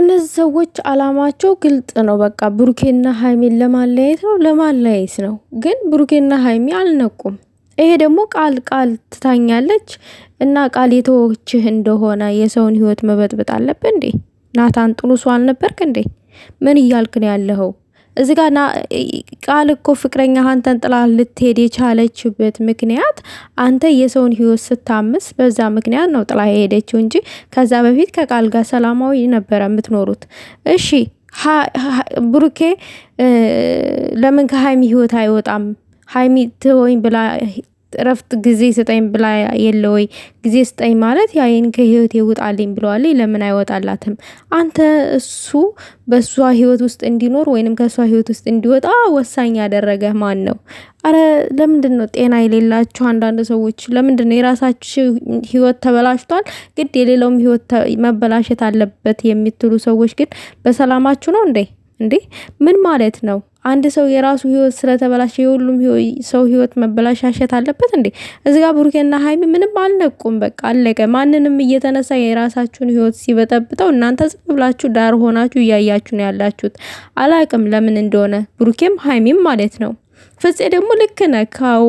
እነዚህ ሰዎች አላማቸው ግልጽ ነው። በቃ ብሩኬና ሀይሜን ለማለያየት ነው ለማለያየት ነው። ግን ብሩኬና ሀይሜ አልነቁም። ይሄ ደግሞ ቃል ቃል ትታኛለች እና ቃል የተወችህ እንደሆነ የሰውን ህይወት መበጥበጥ አለብህ እንዴ? ናታን ጥሉ ሰው አልነበርክ እንዴ? ምን እያልክ ነው ያለኸው? እዚ ጋር ቃል እኮ ፍቅረኛ አንተን ጥላ ልትሄድ የቻለችበት ምክንያት አንተ የሰውን ህይወት ስታምስ በዛ ምክንያት ነው ጥላ የሄደችው እንጂ ከዛ በፊት ከቃል ጋር ሰላማዊ ነበረ የምትኖሩት። እሺ ብሩኬ ለምን ከሀይሚ ህይወት አይወጣም? ሀይሚ ትሆኝ ብላ እረፍት ጊዜ ስጠኝ ብላ የለ ወይ? ጊዜ ስጠኝ ማለት ያይን ከህይወት ይውጣልኝ ብለዋል። ለምን አይወጣላትም? አንተ እሱ በእሷ ህይወት ውስጥ እንዲኖር ወይንም ከእሷ ህይወት ውስጥ እንዲወጣ ወሳኝ ያደረገ ማን ነው? አረ ለምንድን ነው ጤና የሌላችሁ አንዳንድ ሰዎች? ለምንድን ነው የራሳችሁ ህይወት ተበላሽቷል፣ ግድ የሌላውም ህይወት መበላሸት አለበት የምትሉ ሰዎች ግን በሰላማችሁ ነው እንዴ? እንዴ ምን ማለት ነው? አንድ ሰው የራሱ ህይወት ስለተበላሸ የሁሉም ሰው ህይወት መበላሻሸት አለበት እንዴ? እዚጋ ብሩኬና ሀይሚ ምንም አልነቁም። በቃ አለቀ። ማንንም እየተነሳ የራሳችሁን ህይወት ሲበጠብጠው እናንተ ዝም ብላችሁ ዳር ሆናችሁ እያያችሁ ነው ያላችሁት። አላቅም ለምን እንደሆነ ብሩኬም ሀይሚም ማለት ነው። ፍፄ ደግሞ ልክ ነካው።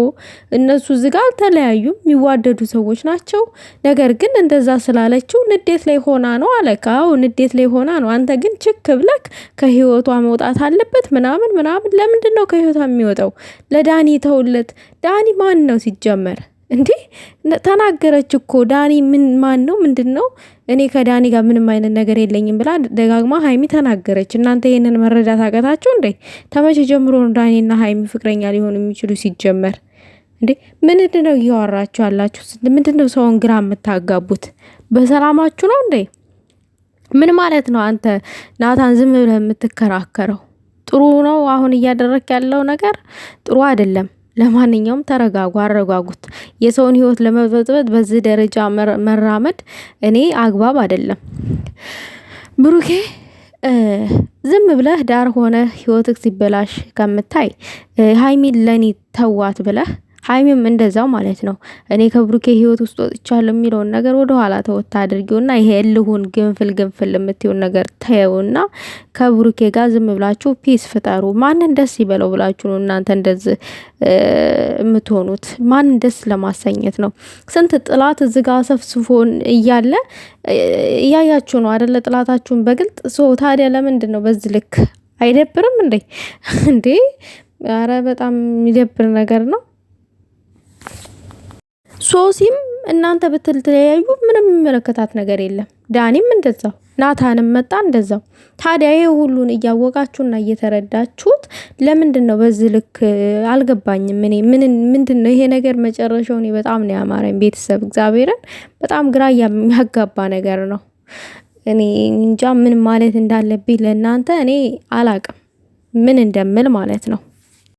እነሱ እዚህ ጋር አልተለያዩም፣ የሚዋደዱ ሰዎች ናቸው። ነገር ግን እንደዛ ስላለችው ንዴት ላይ ሆና ነው አለካው። ንዴት ላይ ሆና ነው። አንተ ግን ችክ ብለክ ከህይወቷ መውጣት አለበት ምናምን ምናምን። ለምንድን ነው ከህይወቷ የሚወጣው? ለዳኒ ተውለት። ዳኒ ማን ነው ሲጀመር? እንዴ ተናገረች እኮ ዳኒ ምን ማን ነው ምንድን ነው? እኔ ከዳኒ ጋር ምንም አይነት ነገር የለኝም ብላ ደጋግማ ሀይሚ ተናገረች። እናንተ ይህንን መረዳት አቀታችሁ እንዴ? ከመቼ ጀምሮ ነው ዳኒና ሀይሚ ፍቅረኛ ሊሆኑ የሚችሉ ሲጀመር? እንዴ ምንድ ነው እያወራችሁ አላችሁ? ምንድ ነው ሰውን ግራ የምታጋቡት? በሰላማችሁ ነው እንዴ? ምን ማለት ነው? አንተ ናታን ዝም ብለህ የምትከራከረው ጥሩ ነው? አሁን እያደረክ ያለው ነገር ጥሩ አይደለም። ለማንኛውም ተረጋጉ፣ አረጋጉት። የሰውን ህይወት ለመበጥበጥ በዚህ ደረጃ መራመድ እኔ አግባብ አይደለም። ብሩኬ ዝም ብለህ ዳር ሆነ ህይወትህ ሲበላሽ ከምታይ ሀይሚን ለኔ ተዋት ብለህ ሀይሚም እንደዛው ማለት ነው። እኔ ከብሩኬ ህይወት ውስጥ ወጥቻለሁ የሚለውን ነገር ወደ ኋላ ተወታ አድርጊውና ይሄ እልሁን ግንፍል ግንፍል የምትሆን ነገር ተየውና ከብሩኬ ጋር ዝም ብላችሁ ፒስ ፍጠሩ። ማንን ደስ ይበለው ብላችሁ ነው እናንተ እንደዚህ የምትሆኑት? ማንን ደስ ለማሰኘት ነው? ስንት ጥላት እዚህ ጋር ሰፍስፎን እያለ እያያችሁ ነው አደለ? ጥላታችሁን በግልጥ ሰው ታዲያ ለምንድን ነው በዚህ ልክ አይደብርም እንዴ? እንዴ! አረ በጣም የሚደብር ነገር ነው። ሶሲም እናንተ ብትለያዩ ምንም የሚመለከታት ነገር የለም። ዳኒም እንደዛው፣ ናታንም መጣ እንደዛው። ታዲያ ይሄ ሁሉን እያወቃችሁና እየተረዳችሁት ለምንድን ነው በዚህ ልክ አልገባኝም። እኔ ምንድን ነው ይሄ ነገር መጨረሻው? እኔ በጣም ነው ያማረኝ ቤተሰብ፣ እግዚአብሔርን በጣም ግራ የሚያጋባ ነገር ነው። እኔ እንጃ ምን ማለት እንዳለብኝ ለእናንተ እኔ አላቅም ምን እንደምል ማለት ነው።